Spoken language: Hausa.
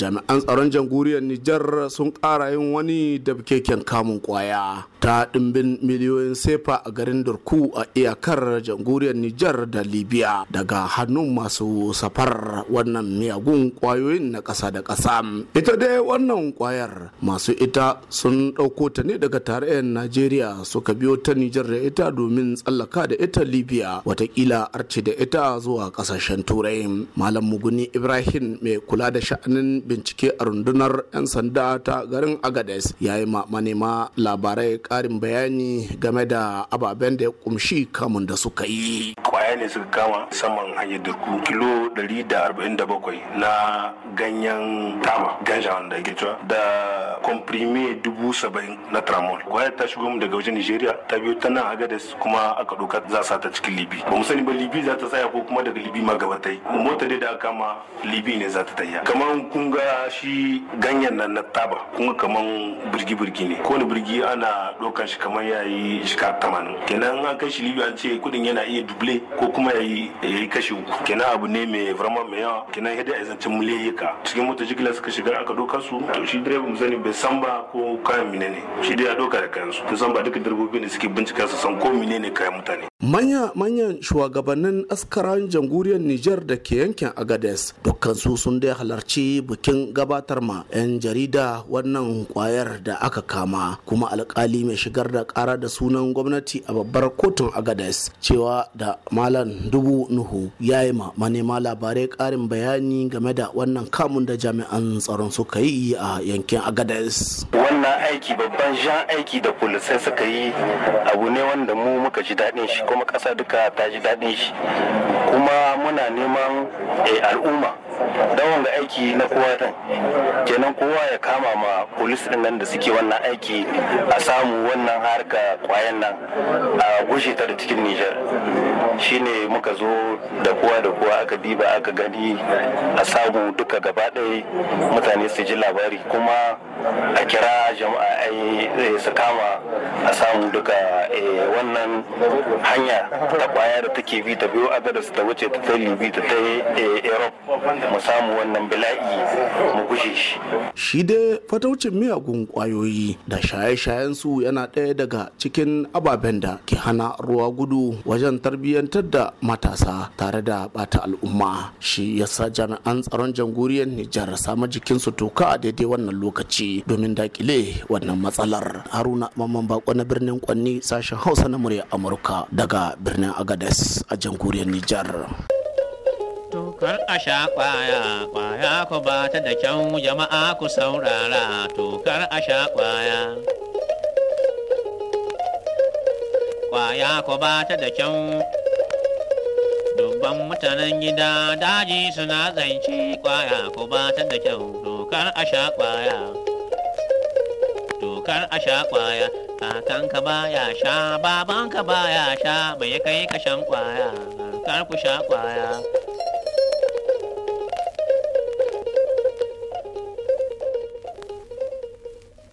jami'an tsaron jamhuriyar nijar sun ƙara yin wani da keken kamun kwaya ta ɗimbin miliyoyin sefa a garin durku a iyakar jamhuriyar nijar da libya daga hannun masu safar wannan miyagun kwayoyin na ƙasa da ƙasa ita dai wannan kwayar masu ita sun ɗauko ta ne daga tarayyar najeriya suka biyo ta nijar da ita domin tsallaka da ita libya watakila arce da ita zuwa ƙasashen turai malam muguni ibrahim mai kula da sha'anin bincike a rundunar 'yan sanda ta garin agades ya yi manema labarai karin bayani game da ababen da ya kumshi kamun da suka yi kaya ne suka kama saman hanyar durku kilo 147 na ganyen taba ganja wanda ya cewa da komprime dubu na tramol kwayar ta shigo mu daga wajen nigeria ta biyu ta nan agades kuma aka doka za sa ta cikin libi ba mu sani ba libi za ta tsaya ko kuma daga libi ma gabatai. mota dai da aka kama libi ne za ta tayya kamar kun ga shi ganyen nan na taba kun ga kamar birgi-birgi ne kowane birgi ana ɗaukar shi kamar yayi kenan an kai shi libi an ce kuɗin yana iya duble ko kuma ya yi kashi uku kenan abu ne mai vraiment mai yawa kenan yadda ya zancen ka. cikin mota jigilar suka shiga aka doka su to shi direba mu sani bai san ba ko kayan mine ne shi dai ya doka da kayan su san ba duka direbobi ne suke bincika su san ko mine ne kayan mutane Manya-manyan shugabannin askaran jamhuriyar Nijar da ke yankin Agades dukkansu sun dai halarci bikin gabatar ma 'yan jarida wannan kwayar da aka kama kuma alkali mai shigar da kara da sunan gwamnati a babbar kotun Agades cewa da Malam Dubu Nuhu ya yi ma manema labarai karin bayani game da wannan kamun da jami'an tsaron suka yi a yankin Agades. Wannan aiki babban jan aiki da sai suka yi abu ne wanda mu muka ji daɗin shi kuma ƙasa duka ta ji daɗin shi kuma muna neman eh, al'umma dawon wanga aiki na kowa ta kenan kowa ya kama ma polis din nan da suke wannan aiki a samu wannan harka kwayan nan a gushe ta da cikin Nijar shine muka zo da kowa da kowa aka diba aka gani a samu duka gaba ɗaya mutane su ji labari kuma a kira jama'a eh, su kama a samu duka eh, wannan hanya ta kwaya da take bi ta biyo su ta wuce ta ta libi ta ta eh, europe mu samu wannan bala'i mu gushe shi shi dai fataucin miyagun kwayoyi da shaye-shayen su yana ɗaya daga cikin ababen da ke hana ruwa gudu wajen tarbiyyantar da matasa tare da bata al'umma shi yasa jami'an tsaron jamhuriyar nijar sama jikinsu toka a daidai wannan lokaci domin dakile wannan matsalar haruna mamman bako na birnin kwanni sashen hausa na murya amurka daga birnin agades a jamhuriyar nijar kar a sha kwaya kwaya ku ba ta da kyau jama'a ku saurara to kar a sha kwaya kwaya ku ba ta da kyau dubban mutanen gida daji suna zance kwaya ku ba ta da kyau dokar a sha kwaya dokar a sha kwaya kakanka ya sha babanka ya sha bai kai kashan kwaya kar ku sha kwaya